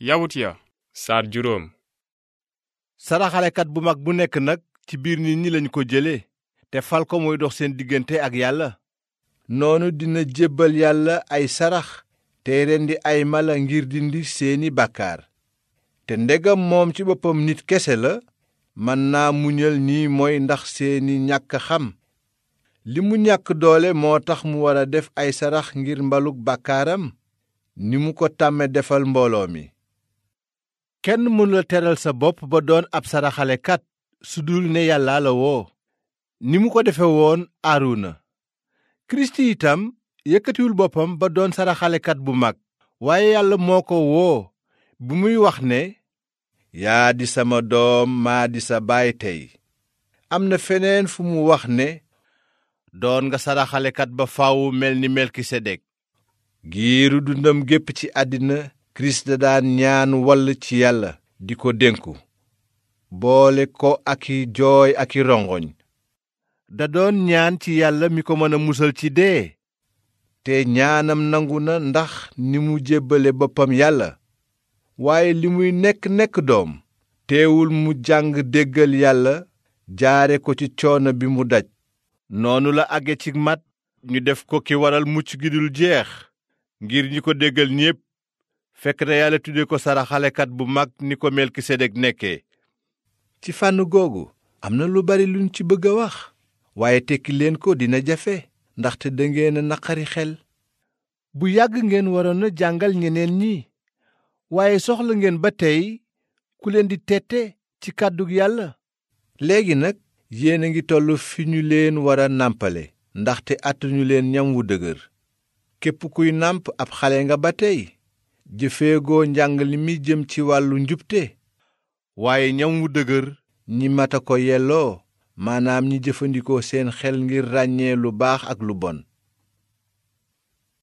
yawut ya juróom saraxalekat bu mag bu nekk nag ci biir nit ñi lañ ko jële te fal ko muy dox seen diggante ak yàlla noonu dina jébbal yàlla ay sarax tey rendi ay mala ngir dindi seeni bàkkaar te ndegam moom ci boppam nit kese la mën naa muñal nii mooy ndax seeni ñàkk xam li mu ñàkk doole moo tax mu war a def ay sarax ngir mbalug bàkkaaram ni mu ko tàmme defal mbooloo mi kenn mënula teral sa bopp ba doon ab saraxalekat su dul ne yàlla la woo ni mu ko defe woon aaruna kirist itam yëkkatiwul boppam ba doon saraxalekat bu mag waaye yàlla moo ko woo bu muy wax ne yaa di sama doom maa di sa baay tey am na feneen fu mu wax ne doon nga saraxalekat ba faw mel ni melkisedek giiru dundam gépp ci àddina kirist da daan ñaan wall ci yàlla di ko dénku boole ko ak i jooy ak i rongoñ da doon ñaan ci yàlla mi ko mën a musal ci dee te ñaanam nangu na ndax ni mu jébbale boppam yàlla waaye li muy nekk-nekk doom teewul mu jàng déggal yàlla jaare ko ci coono bi mu daj noonu la àgge ci mat ñu def ko ki waral mucc gi dul jeex ngir ñi ko déggal ñépp fekk na yàlla tudde ko saraxalekat bu mag ni ko melkisedek nekke ci fànn googu am na lu bari luñ ci bëgg a wax waaye tekki leen ko dina jafe ndaxte dangeen a naqari xel bu yàgg ngeen waroon a jàngal ñeneen ñi waaye soxla ngeen ba tey ku leen di tette ci kàddu yàlla léegi nag yéen a ngi toll fi ñu leen war a nàmpale ndaxte àttuñu leen ñam wu dëgër képp kuy nàmp ab xale nga ba tey jëfeegoo li mi jëm ci wàllu njubte waaye ñam wu dëgër ñi mat a ko yelloo maanaam ñi jëfandikoo seen xel ngir ràññee lu baax ak lu bon